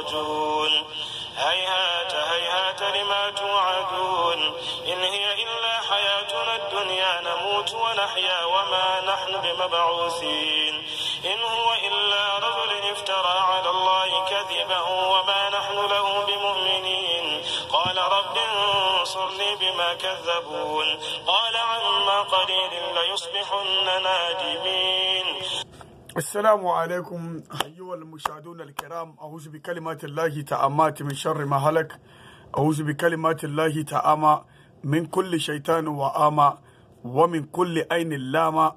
الرجول هيهات هيهات لما توعدون إن هي إلا حياتنا الدنيا نموت ونحيا وما نحن بمبعوثين إن هو إلا رجل افترى على الله كذبا وما نحن له بمؤمنين قال رب انصرني بما كذبون قال عما قليل ليصبحن نادمين السلام عليكم والمشاهدون الكرام أعوذ بكلمات الله تأمات من شر ما هلك أعوذ بكلمات الله تأمى من كل شيطان وآمى ومن كل أين لامى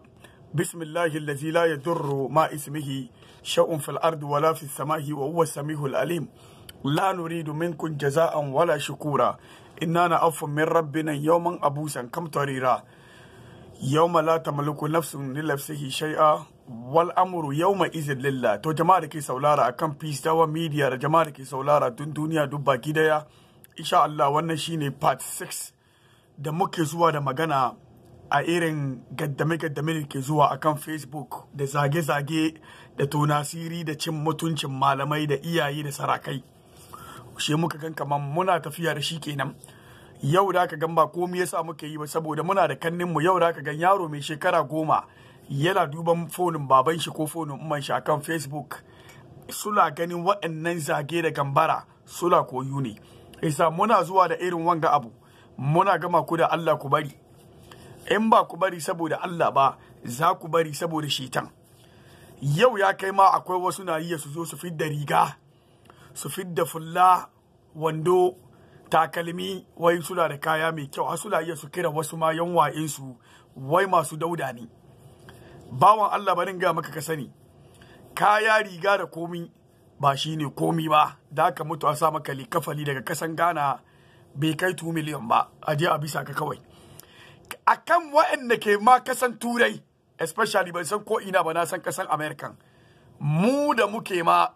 بسم الله الذي لا يضر ما اسمه شيء في الأرض ولا في السماء وهو السميع العليم لا نريد منكم جزاء ولا شكورا إننا نعف من ربنا يوما أبوسا كم تريرا يوم لا تملك نفس لنفسه شيئا wal yau mai izin lilla to jama'a da ke saulara akan peace tower media da jama'a da ke saulara tun duniya duk baki daya insha Allah wannan shine part 6 da muke zuwa da magana a irin gaddame-gaddame da ke zuwa akan facebook da zage-zage da tunasiri da cin mutuncin malamai da iyaye da sarakai shi muka gan kamar muna tafiya da shi kenan yau da aka gan ba komai yasa muke yi ba saboda muna da kannin mu yau da aka gan yaro mai shekara goma yana duban fonin baban shi ko fonin umman shi akan facebook suna ganin waɗannan zage da gambara suna koyu ne isa muna zuwa da irin wanga abu muna gama ku da allah ku bari in ba ku bari saboda allah ba za ku bari saboda shitan yau ya kai ma akwai wasu na iya su zo su fidda riga su fidda fulla wando takalmi wai suna da kaya mai kyau har suna iya su kira wasu ma yan wa'insu wai masu dauda ne bawan Allah barin ga maka ka sani kaya riga da komi ba shi ne komi ba da aka mutu a sa maka likafali daga kasan Ghana bai kai 2 miliyan ba a je a bisa ka kawai akan waɗanda ke ma kasan turai especially ban san ko ba na san kasan American mu da muke ma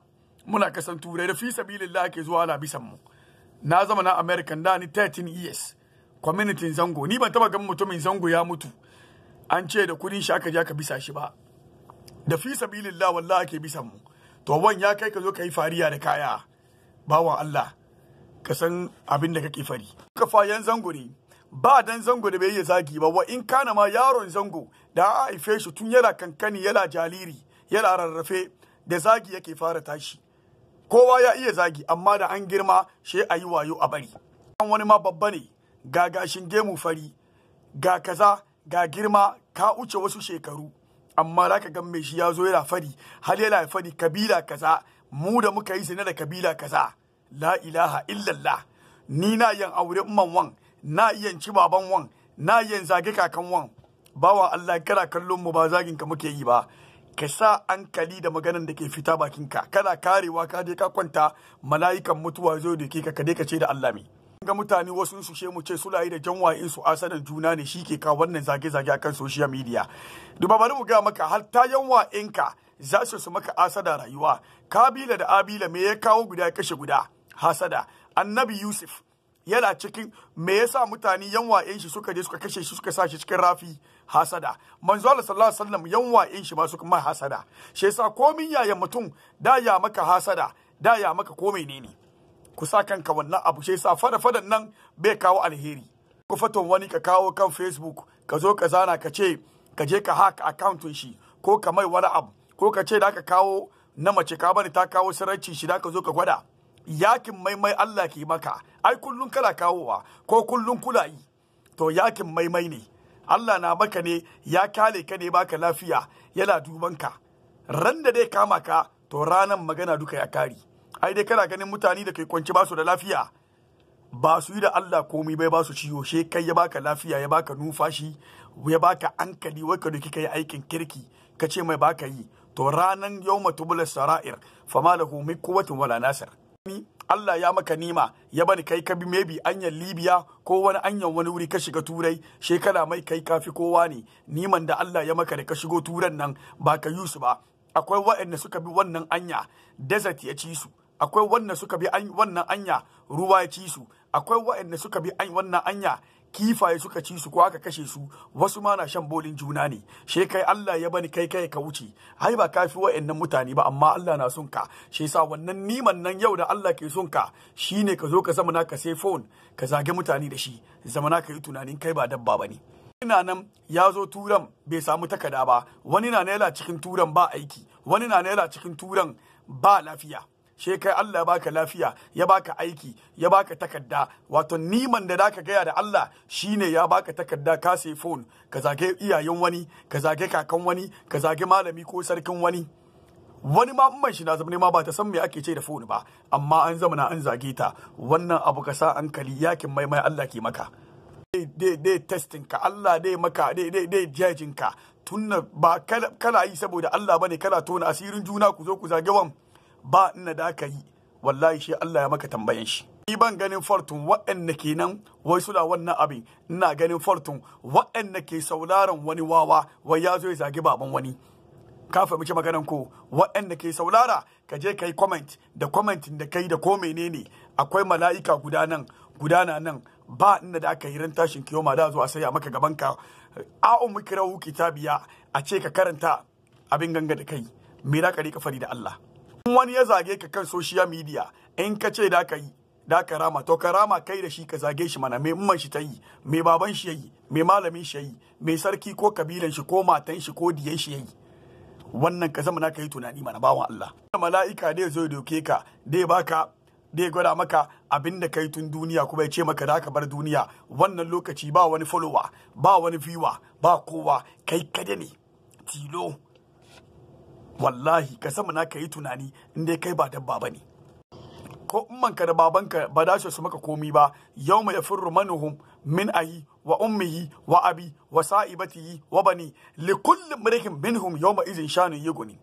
muna kasan turai da fi sabilillah ke zuwa na bisan mu na zama na American da ni 13 years community zango ni ban taba gan mutumin zango ya mutu an ce da kudin shi aka je aka bisa shi ba da fi sabilillah wallahi ake bisa mu to wan ya kai ka zo ka yi fariya da kaya bawan Allah ka san abin da kake fari kafayen zango ne ba dan zango da bai yi zagi ba wa in kana ma yaron zango da a haife shi tun yana kankani yana jariri yana rarrafe da zagi yake fara tashi kowa ya iya zagi amma da an girma shi a yi wayo a bari wani ma babba ne ga gashin gemu fari ga kaza ga girma ka wuce wasu shekaru amma za ka gan shi ya zo yana fari har yana fari kabila kaza mu da muka yi zina da kabila kaza la ilaha illallah ni na yin aure umman wan na iya ci baban wan na iya zage kakan wan bawa Allah kana kallon mu ba zagin ka muke yi ba ka sa hankali da maganan da ke fita bakinka kana karewa ka je ka kwanta mala'ikan mutuwa zo da ke ka kade ka ce da Allah mai ga mutane wasu su she mu ce layi da jan su asanin juna ne shi ke ka wannan zage-zage akan social media duba bari mu ga maka har ta yanwa'inka za su su maka asada rayuwa kabila da abila me ya kawo guda ya kashe guda hasada annabi yusuf yana cikin me yasa mutane yan wa'in shi suka je suka kashe shi suka sa shi cikin rafi hasada manzo Allah sallallahu alaihi wasallam wa'in shi ma suka mai hasada shi yasa komin yayan mutum da ya maka hasada da ya maka komai menene ne ku sa kanka wannan abu shi sa fada fadan nan bai kawo alheri ku faton wani ka kawo kan facebook ka zo ka zana ka ce ka je ka hack account shi ko ka mai wani abu ko ka ce da ka kawo na mace ka bani ta kawo sirranci shi da ka zo ka gwada yakin maimai Allah ke maka ai kullun kana kawowa ko kullun kula yi to yakin maimai ne Allah na maka ne ya kale ka ne baka lafiya yana duban ka ran da dai kama ka to ranan magana duka ya kari ai dai kana ganin mutane da kai kwanci ba su da lafiya ba su yi da Allah komai bai ba su ciwo she kai ya baka lafiya ya baka numfashi ya baka hankali wai ka kika yi aikin kirki ka ce mai baka yi to ranan yawma tubula sara'ir fama lahu min quwwatin wala nasir Allah ya maka nima ya bani kai ka bi maybe anyan Libya ko wani anyan wani wuri ka shiga turai shekara mai kai kafi kowa ne niman da Allah ya maka da ka shigo turan nan ba ka yi ba akwai waɗanda suka bi wannan anya desert ya ci su akwai wannan suka bi wannan anya ruwa ya ci su akwai waɗanda suka bi wannan anya kifaye suka ci su ko aka kashe su wasu ma na shan bolin juna ne she kai Allah ya bani kai kai ka wuce Ai ba ka fi wa'annan mutane ba amma Allah na son ka she yasa wannan niman nan yau da Allah ke son ka shine ka zo ka zama na ka sai phone ka zage mutane da shi zama na ka yi tunanin kai ba dabba bane ina nan ya zo turan bai samu takada ba wani na naira cikin turan ba aiki wani na naira cikin turan ba lafiya she kai Allah ya baka lafiya ya baka aiki ya baka takarda wato niman da zaka gaya da Allah shine ya baka takarda ka sai phone ka zage iyayen wani ka zage kakan wani ka zage malami ko sarkin wani wani ma mun shi na zama ma ba ta san me ake ce da phone ba amma an zama na an zage ta wannan abu ka sa hankali yakin mai Allah ke maka dai testin ka Allah dai maka dai judging ka tunna ba kala yi saboda Allah bane kana tona asirin juna ku zo ku zage wani. ba ina da aka yi wallahi shi Allah ya maka tambayan shi ban ganin fortun waɗanda ke nan wai suna wannan abin ina ganin fortun waɗanda ke sauraron wani wawa wai ya zo ya zagi baban wani ka fahimci maganan ko waɗanda ke saulara ka je ka yi comment da comment da kai da ko menene akwai mala'ika guda nan gudana nan ba inda da aka yi ran tashin kiyoma da zo a saya maka gaban ka a'u mukirahu kitabiya a ce ka karanta abin ganga da kai me za ka rika fari da Allah in wani ya zage ka kan social media in ka ce da ka yi da ka rama to ka rama kai da shi ka zage shi mana mai umman shi ta yi mai baban shi yayi mai malamin shi yayi mai sarki ko kabilan shi ko matan shi ko diyan shi yayi wannan ka zama naka yi tunani mana bawan Allah mala'ika dai zo doke ka dai baka dai gwada maka abin da yi tun duniya kuma ya ce maka da ka bar duniya wannan lokaci ba wani follower ba wani viewer ba kowa kai kada ne tilo wallahi ka sama na ka yi tunani in dai kai ba dabba ba ne ko ummanka da babanka ba da su maka komi ba yau mai firru manuhum min ahi wa ummihi wa abi wa sa'ibatihi wa bani li min mrikin yau mai izin shanu guni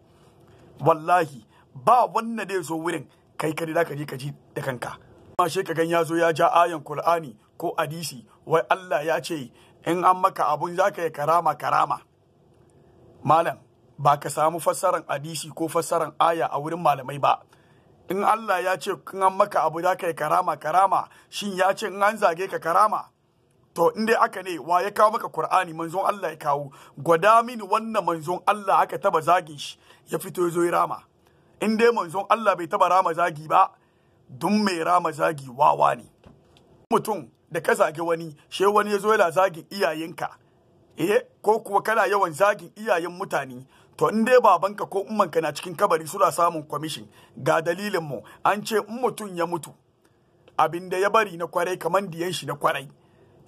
wallahi ba wannan da zo wurin kai kari da ka je ji da kanka ma shi ka gan ya zo ya ja ayan qur'ani ko hadisi wai Allah ya ce in an maka abun zaka yi karama karama malam ba ka samu fassaran hadisi ko fassaran aya a wurin malamai ba in Allah ya ce in an maka abu za ka karama karama shin ya ce in an zage ka karama to in dai aka ne wa ya kawo maka Qur'ani manzon Allah ya kawo gwada mini wannan manzon Allah aka taba zagin shi ya fito ya zo ya rama in dai manzon Allah bai taba rama zagi ba dun mai rama zagi wawa ne mutum da ka zage wani she wani ya zo yana zagin iyayenka eh ko kuwa kana yawan zagin iyayen mutane to in dai babanka ko ummanka na cikin kabari suna samun kwamishin ga dalilin mu an ce in mutum ya mutu abin da ya bari na kwarai kamar diyan shi na kwarai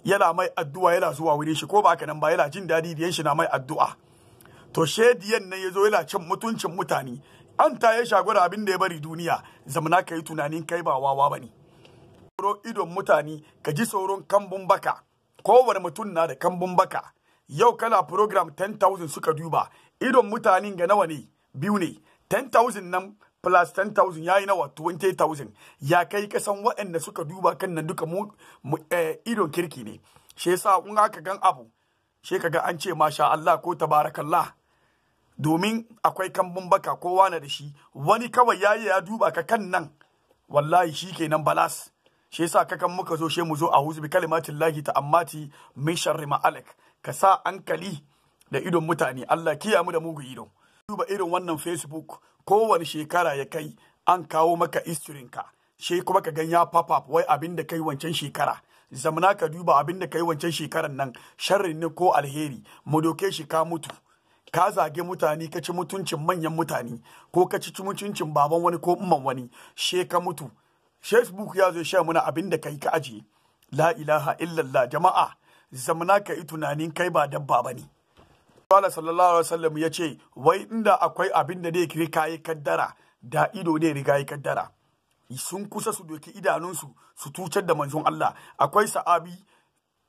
yana mai addu'a yana zuwa wurin shi ko ba nan ba yana jin dadi diyan shi na mai addu'a to she diyan nan ya zo yana cin mutuncin mutane an ta ya shagura abin da ya bari duniya zamana ka yi tunanin kai ba wawa ba ne idon mutane ka ji tsoron kambun baka kowane mutum na da kambun baka yau kana program 10,000 suka duba idon mutanen ga nawa ne biyu ne 10,000 nan plus 10,000 yayi nawa 20,000 ya kai kasan waɗanda suka duba kan nan duka mu, eh, idon kirki ne shi yasa kun aka gan abu shi kaga an ce masha Allah ko tabarakallah domin akwai kambun baka kowa na da shi wani kawai yayi ya duba ka kan nan wallahi shi kenan balas shi yasa kakan muka zo shi mu zo a huzu bi kalimatin lahi ta ammati min sharri ma'alik ka sa ankali da idon mutane Allah kiya mu da mugu ido duba irin wannan facebook kowane shekara ya kai an kawo maka ka she kuma ka gan ya pop wai abin da kai wancan shekara zamana ka duba abin da kai wancan shekaran nan sharrin ne ko alheri mu doke shi ka mutu ka zage mutane ka ci mutuncin manyan mutane ko ka ci mutuncin baban wani ko umman wani she ka mutu facebook ya zo sha muna abin da kai ka ajiye la ilaha illallah jama'a zamana ka yi tunanin kai ba dabba bane Allah sallallahu alaihi wasallam ya ce wai inda akwai abin da ne riga ya kaddara da ido ne riga ya kaddara sun kusa su doki idanunsu su tucar da manzon Allah akwai sa'abi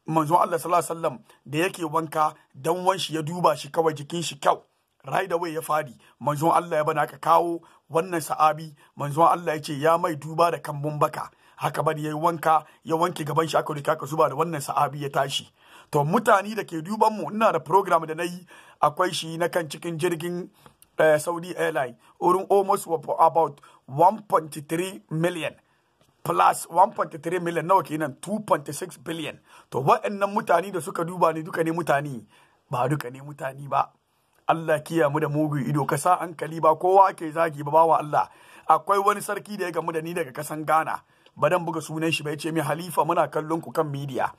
manzon Allah sallallahu alaihi wasallam da yake wanka dan wanshi ya duba shi kawai jikin shi kyau right away ya fadi manzon Allah ya bana ka kawo wannan sa'abi manzon Allah ya ce ya mai duba da kambun baka haka ya yi wanka ya wanke gaban shi aka rika aka zuba da wannan sahabi ya tashi to mutane da ke duban mu ina da program da nayi akwai shi na kan cikin jirgin uh, Saudi airline wurin almost about 1.3 million plus 1.3 million nawa kenan 2.6 billion to waɗannan mutane da suka duba ne duka ne mutane ba duka ne mutane ba Allah kiya mu da mugu ido ka sa hankali ba kowa ke zagi ba bawa Allah akwai wani sarki da ya gamu da ni daga kasan Ghana ba dan buga sunan shi ba ya ce mai halifa muna kallon ku kan midiya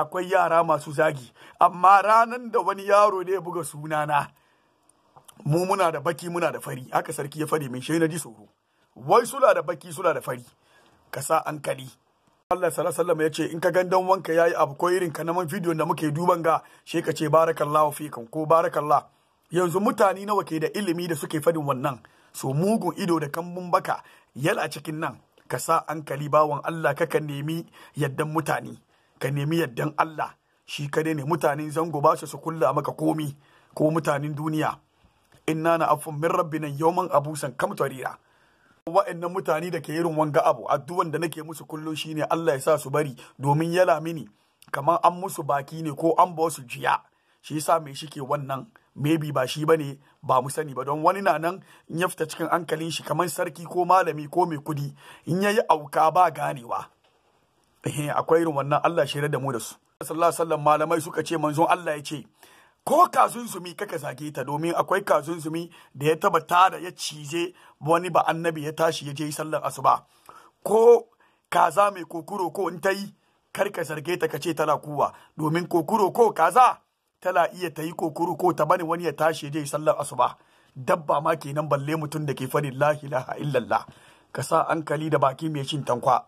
akwai yara masu zagi amma ranan da wani yaro ne ya buga sunana mu muna da baki muna da fari haka sarki ya fari min shi na ji tsoro wai sula da baki sula da fari ka sa an kali Allah sallallahu alaihi ya ce in ka gan dan wanka yayi abu ko irin ka man video da muke duban ga shi ka ce barakallahu fikum ko barakallah yanzu mutane nawa ke da ilimi da suke fadin wannan so mugun ido da kambun baka yal cikin nan ka sa hankali bawan Allah ka nemi yaddan mutane ka nemi yaddan Allah shi ka ne mutanen zango ba su kulla maka komi ko mutanen duniya inna na afun min rabbina yawman abusan kam tarira wa'annan mutane da ke irin wanga abu addu'an da nake musu kullum shine Allah ya sa su bari domin yala mini kamar an musu baki ne ko an ba su jiya shi yasa me shike wannan maybe ba shi ba ne ba mu sani ba don wani na nan in ya fita cikin hankalin shi kamar sarki ko malami ko mai kudi in ya yi auka ba ganewa eh akwai irin wannan Allah shi da mu da su sallallahu alaihi malamai suka ce manzon Allah ya ce ko kazunzumi kaka zage ta domin akwai kazunzumi da ya taba tara ya cije wani ba annabi ya tashi ya je sallar asuba ko kaza mai kokuro ko in ta yi kar ka zarge ta kace tana kuwa domin kokuro ko kaza tana iya ta yi kokuru ko ta bani wani ya tashi dai sallar asuba dabba ma kenan balle mutum da ke fari la ilaha illallah ka sa hankali da baki mai cin tankwa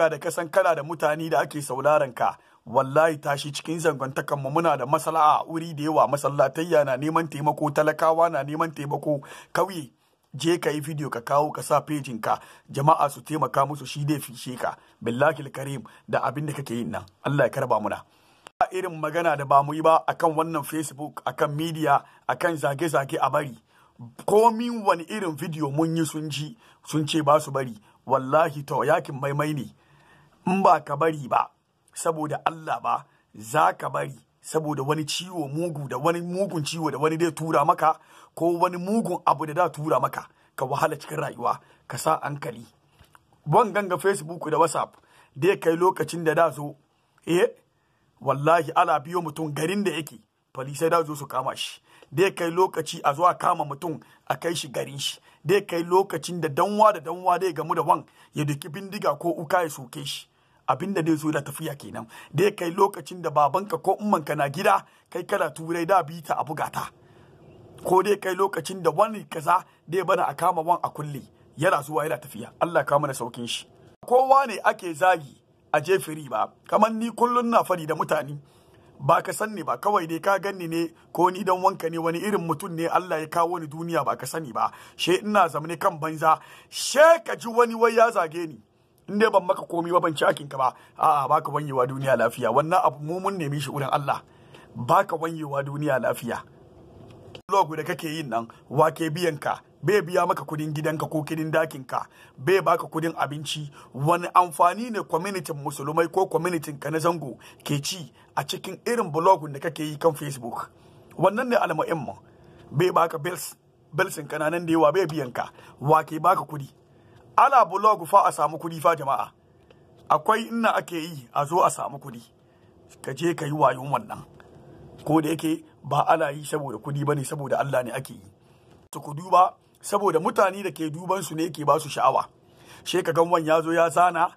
ga da kasan kana da mutane da ake sauraron ka wallahi tashi cikin zangantakan mu muna da masala'a wuri da yawa masallatayya na neman taimako talakawa na neman taimako kauye je ka yi video ka kawo ka sa pejin ka jama'a su taimaka musu shi dai fishe ka billahi karim da abin da kake yin nan Allah ya karba muna irin magana da ba mu yi ba akan wannan facebook akan media akan zage-zage a bari komin wani irin video mun yi sun ji sun ce ba su bari wallahi ta yakin maimai ne in ba ka bari ba saboda Allah ba za ka bari saboda wani ciwo mugu da wani mugun ciwo da wani zai tura maka ko wani mugun abu da da tura maka ka wahala cikin rayuwa ka sa hankali ban ganga facebook da whatsapp dai kai lokacin da da zo eh wallahi ala biyo mutum garin da yake falisai da zo su kama shi dai kai lokaci a zuwa kama mutum a kai shi garin shi dai kai lokacin da danwa da danwa dai gamu da wan ya duki bindiga ko uka ya soke shi abin da dai zo da tafiya kenan dai kai lokacin da babanka ko ummanka na gida kai kana turai da ta a bugata ko dai kai lokacin da wani kaza dai bana a kama wan a kulle yana zuwa yana tafiya Allah ka mana saukin shi kowa ne ake zagi a jefiri ba kamar ni kullum na fari da mutane ba ka sanni ba kawai dai ka ganni ne ko ni dan wanka ne wani irin mutum ne Allah ya kawo ni duniya ba ka sani ba she ina zamne kan banza she ka ji wani wai ya zage ni in dai ban maka komi ba ban ci akinka ba a'a baka wanyewa duniya lafiya wannan abu mu mun nemi shi wurin Allah baka wanyewa duniya lafiya log da kake yin nan wake biyan ka bai biya maka kudin gidanka ko kudin dakinka bai baka kudin abinci wani amfani ne kwamitin musulmai ko kwamitin ka na zango ke ci a cikin irin blogun da kake yi kan facebook wannan ne mu bai baka bills bills ka nan da yawa bai biyan ka wa ke baka kudi ala blog fa a samu kudi fa jama'a akwai ina ake yi a zo a samu kudi ka je ka yi wayon wannan ko da yake ba ana yi saboda kudi bane saboda Allah ne ake yi to ku duba saboda mutane da ke duban su ne ke ba su sha'awa she ka gan ya zo ya zana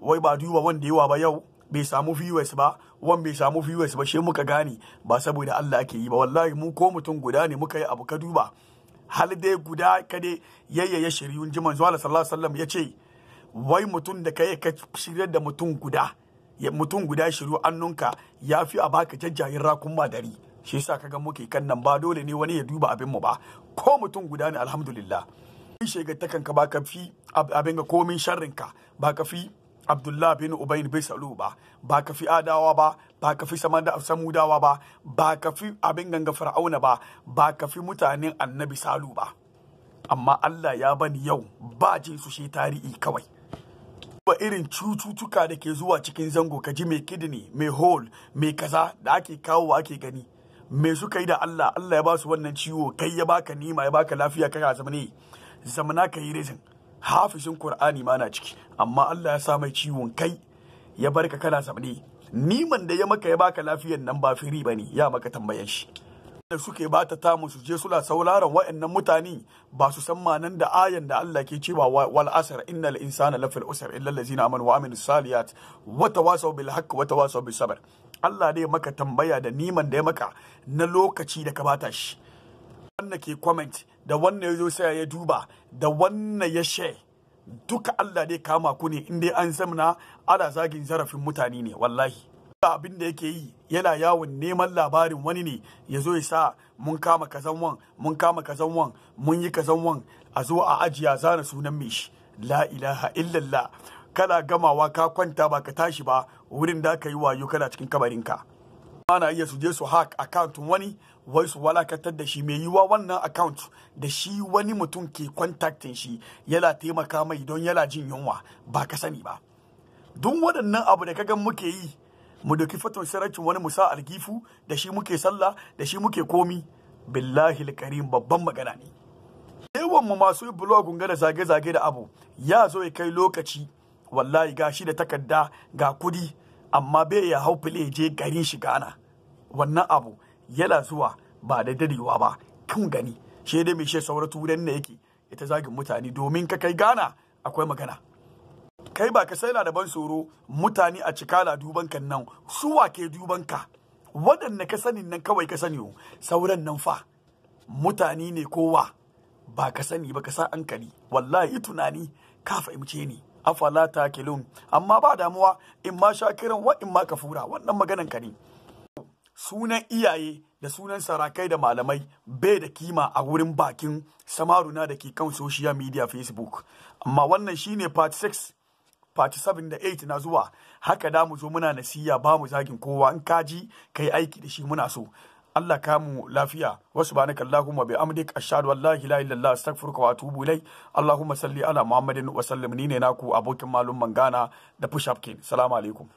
wai ba duba wanda yawa ba yau bai samu viewers ba wan bai samu viewers ba she muka gane ba saboda Allah ake yi ba wallahi mu ko mutum guda ne muka yi abu ka duba hal dai guda ka dai yayyaye shiriyun jiman zuwa sallallahu alaihi wasallam yace wai mutum da kai ka shiryar da mutum guda mutum guda shiru annunka ya fi a baka jajjayin rakun madari shi ka kaga muke kan nan ba dole ne wani ya duba abin mu ba ko mutum guda ne alhamdulillah in ta ka ba ka abin ga komin sharrin ka ba ka fi Abdullah bin Ubayn bai salu ba ba ka fi adawa ba ba ka fi samudawa ba ba ka fi abin ganga fir'auna ba ba ka fi mutanen annabi salu ba amma Allah ya bani yau ba jin su shi tarihi kawai ba irin cututtuka da ke zuwa cikin zango ka ji mai kidney mai hole mai kaza da ake kawo ake gani me suka yi da Allah Allah ya ba su wannan ciwo kai ya baka nima ya baka lafiya kana a ne zamana ka yi rizin hafishin Qur'ani ma na ciki amma Allah ya sa mai ciwon kai ya barka kana zamne niman da ya maka ya baka lafiyan nan ba firi bane ya maka tambayan shi da suke ba ta tamu su je suna sauraron wa'annan mutane ba su san manan da ayan da Allah ke cewa wal asr innal insana lafil usr illa allazina amanu wa amilus saliyat wa tawasaw bil haqqi wa tawasaw bis sabr Allah dai maka tambaya da niman da ya maka na lokaci da ka bata shi wannan ke comment da wannan ya zo saya ya duba da wannan ya share duka Allah dai kama ku ne in dai an zamna ana zagin zarafin mutane ne wallahi abin da yake yi yana yawon neman labarin wani ne ya zo ya sa mun kama kazan wan mun kama kazan wan mun yi kazan wan a zo a ajiya zana sunan mai shi la ilaha illallah kana gamawa ka kwanta ba ka tashi ba wurin da aka yi wayo kana cikin kabarinka ana iya su je su hack account wani wai su walakatar da shi mai yiwa wannan account da shi wani mutum ke contacting shi yana taimaka mai don yana jin yunwa ba ka sani ba duk waɗannan abu da kagan muke yi mu doki fatan sarakin wani musa algifu da shi muke sallah da shi muke komi billahi karin babban magana ne yawan mu masu blogun gada zage-zage da abu ya zo ya kai lokaci wallahi ga shi da takarda ga kudi amma bai ya hau fili je gari shi gana wannan abu yana zuwa ba da dadewa ba kan gani shi dai mai shi saura turan ne yake ita zagin mutane domin ka kai gana akwai magana kai ba ka sai da ban tsoro mutane a cikala duban kan nan su wa ke duban ka waɗanda ka sanin nan kawai ka sani sauran nan fa mutane ne kowa ba ka sani ba ka sa hankali wallahi tunani ka fahimce ni afala kilun amma ba damuwa in ma kiran wa in ma fura wannan maganan ka ne sunan iyaye da sunan sarakai da malamai bai da kima a wurin bakin samaruna da ke kan social media facebook amma wannan shine part 6 part 7 da 8 na zuwa haka da mu zo muna nasiya ba mu zagin kowa in kaji kai aiki da shi muna so Allah kamu lafiya wa subhanaka allahumma bi amdik ashhadu an la ilaha Allah astaghfiruka wa atubu ilai allahumma salli ala muhammadin wa sallim ni ne naku abokin malum mangana da push up king salamu alaikum